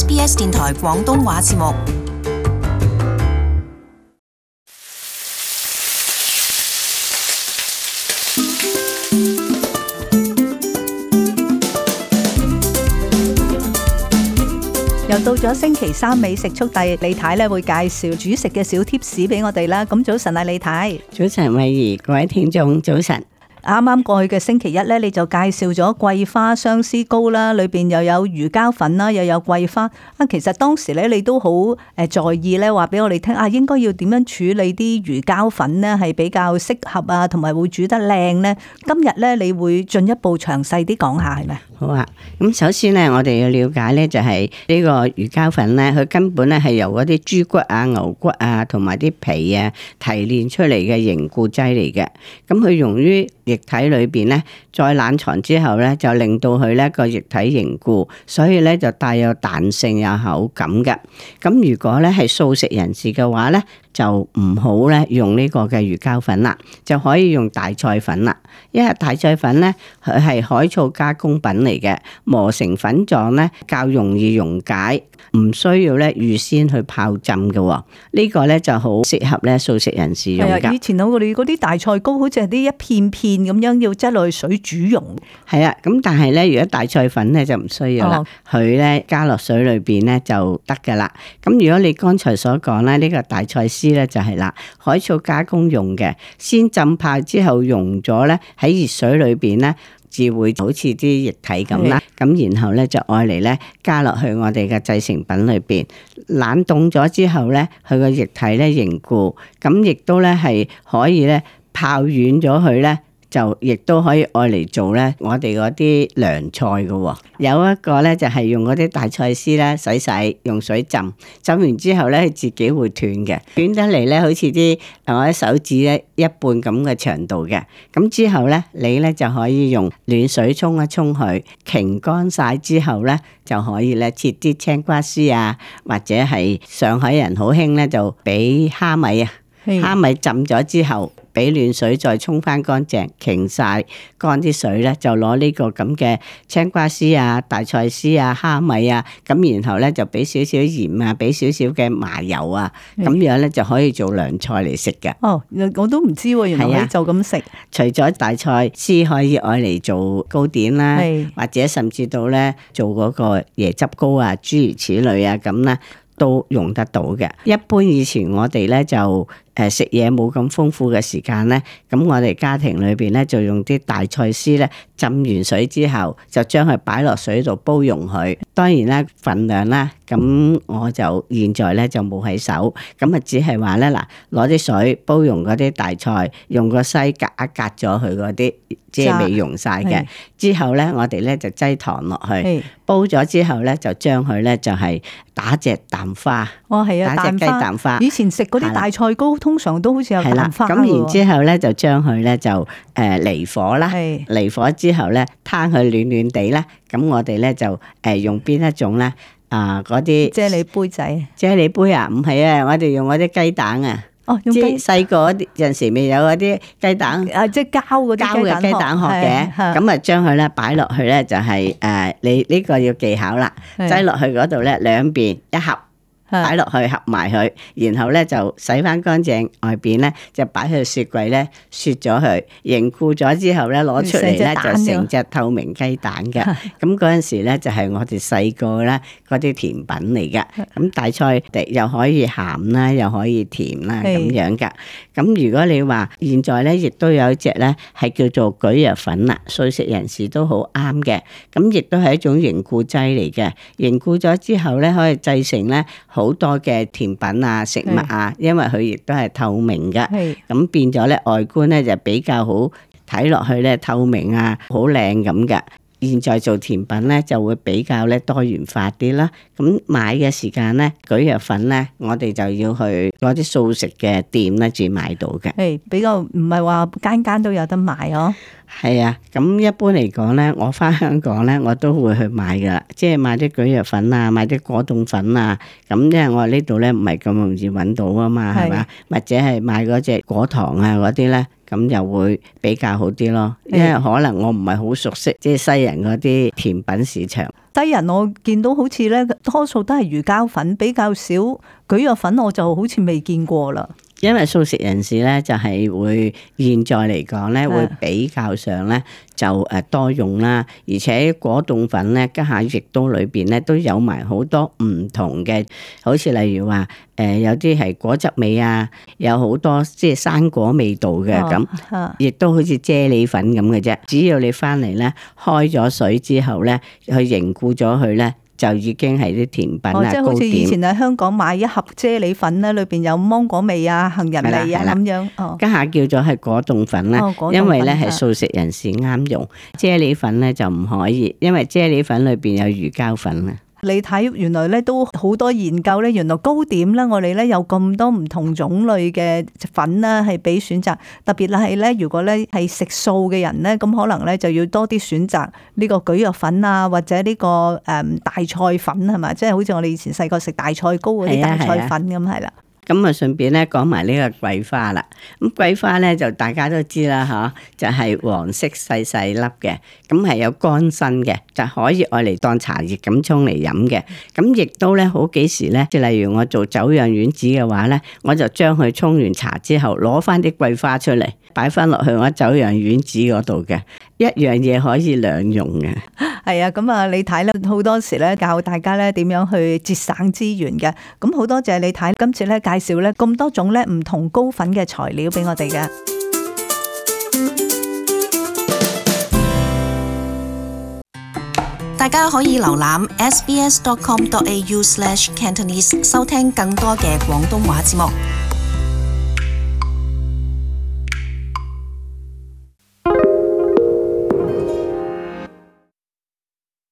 SBS 電台廣東話節目，又到咗星期三美食速遞，李太咧，會介紹煮食嘅小貼士俾我哋啦。咁早晨啊，李太，早晨，慧怡，各位聽眾，早晨。啱啱過去嘅星期一呢，你就介紹咗桂花相思糕啦，裏邊又有魚膠粉啦，又有桂花。啊，其實當時咧，你都好誒在意咧，話俾我哋聽啊，應該要點樣處理啲魚膠粉咧，係比較適合啊，同埋會煮得靚咧。今日咧，你會進一步詳細啲講下係咪？好啊，咁首先咧，我哋要了解咧，就係呢個魚膠粉咧，佢根本咧係由嗰啲豬骨啊、牛骨啊同埋啲皮啊提煉出嚟嘅凝固劑嚟嘅。咁佢用於液體裏面呢，再冷藏之後呢，就令到佢呢個液體凝固，所以呢就帶有彈性有口感嘅。咁如果呢係素食人士嘅話呢，就唔好咧用呢個嘅魚膠粉啦，就可以用大菜粉啦。因為大菜粉咧，佢係海藻加工品嚟嘅，磨成粉狀咧，較容易溶解，唔需要咧預先去泡浸嘅、哦。呢個咧就好適合咧素食人士用㗎。係啊，以前我哋嗰啲大菜糕，好似係啲一片片咁樣，要擠落去水煮溶。係啊，咁但係咧，如果大菜粉咧就唔需要啦，佢咧好加落水裏邊咧就得㗎啦。咁如果你剛才所講咧，呢個大菜絲啲咧就係啦，海草加工用嘅，先浸泡之後溶咗咧，喺熱水裏邊咧，就會好似啲液體咁啦。咁的然後咧就愛嚟咧加落去我哋嘅製成品裏邊，冷凍咗之後咧，佢個液體咧凝固，咁亦都咧係可以咧泡軟咗佢咧。就亦都可以愛嚟做咧，我哋嗰啲涼菜嘅喎、哦，有一個咧就係、是、用嗰啲大菜絲咧，洗洗用水浸，浸完之後咧自己會斷嘅，斷得嚟咧好似啲我啲手指咧一半咁嘅長度嘅，咁之後咧你咧就可以用暖水沖一沖佢，擎乾晒之後咧就可以咧切啲青瓜絲啊，或者係上海人好興咧就俾蝦米啊。蝦米浸咗之後，俾暖水再沖翻乾淨，擎晒乾啲水咧，就攞呢個咁嘅青瓜絲啊、大菜絲啊、蝦米啊，咁然後咧就俾少少鹽啊，俾少少嘅麻油啊，咁的樣咧就可以做涼菜嚟食嘅。哦，我都唔知喎、啊，原來可的就咁食。除咗大菜絲可以愛嚟做糕點啦、啊，的或者甚至到咧做嗰個椰汁糕啊，諸如此類啊，咁咧都用得到嘅。一般以前我哋咧就。誒食嘢冇咁豐富嘅時間咧，咁我哋家庭裏邊咧就用啲大菜絲咧浸完水之後，就將佢擺落水度煲溶佢。當然啦，份量啦，咁我就現在咧就冇喺手，咁啊只係話咧嗱，攞啲水煲溶嗰啲大菜，用個西格啊隔咗佢嗰啲，即係未溶晒嘅。之後咧，我哋咧就擠糖落去，是煲咗之後咧就將佢咧就係打隻蛋花。哦，係啊，打隻雞蛋花。以前食嗰啲大菜糕。嗯是通常都好似有淡化咁，然之後咧，就將佢咧就誒離火啦。離火之後咧，攤佢暖暖地啦。咁我哋咧就誒用邊一種咧？啊，嗰啲啫喱杯仔。啫喱杯啊？唔係啊，我哋用嗰啲雞蛋啊。哦，用杯細個嗰啲，有時未有嗰啲雞蛋。啊，即係膠嗰啲膠嘅雞蛋殼嘅。咁啊，將佢咧擺落去咧，就係誒你呢個要技巧啦。擠落去嗰度咧，兩邊一合。擺落去合埋佢，然後咧就洗翻乾淨，外邊咧就擺去雪櫃，咧，雪咗佢凝固咗之後咧攞出嚟咧就成隻透明雞蛋嘅。咁嗰陣時咧就係、是、我哋細個咧嗰啲甜品嚟嘅。咁的大菜地又可以鹹啦，又可以甜啦咁樣噶。咁的如果你話現在咧，亦都有一隻咧係叫做蒟蒻粉啦，素食人士都好啱嘅。咁亦都係一種凝固劑嚟嘅，凝固咗之後咧可以製成咧。好多嘅甜品啊，食物啊，因為佢亦都係透明嘅，咁是變咗咧外觀咧就比較好睇，落去咧透明啊，好靚咁嘅。現在做甜品咧就會比較咧多元化啲啦。咁買嘅時間咧，蒟蒻粉咧，我哋就要去攞啲素食嘅店咧至買到嘅。係比較唔係話間間都有得買咯。係啊，咁一般嚟講咧，我翻香港咧，我都會去買噶，即係買啲蒟蒻粉啊，買啲果凍粉啊，咁因為我呢度咧唔係咁容易揾到啊嘛，係嘛是？或者係買嗰隻果糖啊嗰啲咧，咁就會比較好啲咯，因為是可能我唔係好熟悉即係西人嗰啲甜品市場。西人我見到好似咧，多數都係魚膠粉比較少，蒟蒻粉我就好似未見過啦。因為素食人士咧，就係會現在嚟講咧，會比較上咧就誒多用啦，是而且果凍粉咧，家下亦都裏邊咧都有埋好多唔同嘅，好似例如話誒有啲係果汁味啊，有好多即係生果味道嘅咁，亦、哦、都好似啫喱粉咁嘅啫。只要你翻嚟咧，開咗水之後咧，去凝固咗佢咧。就已經係啲甜品啊、哦！即係好似點以前喺香港買一盒啫喱粉咧，裏邊有芒果味啊、杏仁味啊咁了樣。家、哦、下叫咗係果凍粉啦，哦、粉因為咧係素食人士啱用、啊、啫喱粉咧就唔可以，因為啫喱粉裏邊有魚膠粉啊。你睇原來咧都好多研究咧，原來糕點啦，我哋咧有咁多唔同種類嘅粉啦，係俾選擇。特別係咧，如果咧係食素嘅人咧，咁可能咧就要多啲選擇呢個蒟蒻粉啊，或者呢個誒、嗯、大菜粉係咪？即係好似我哋以前細個食大菜糕嗰啲大菜粉咁係啦。咁啊，順便咧講埋呢個桂花啦。咁桂花咧就大家都知啦，吓、啊、就係、是、黃色細細粒嘅，咁係有乾身嘅，就可以愛嚟當茶葉咁沖嚟飲嘅。咁亦都咧好幾時咧，例如我做酒釀丸子嘅話咧，我就將佢沖完茶之後，攞翻啲桂花出嚟，擺翻落去我酒釀丸子嗰度嘅。一樣嘢可以兩用嘅，係啊，咁 啊，你睇咧，好多時咧教大家咧點樣去節省資源嘅，咁好多謝你睇今次咧介紹咧咁多種咧唔同高粉嘅材料俾我哋嘅，大家可以瀏覽 SBS.com.au/Cantonese 收聽更多嘅廣東話節目。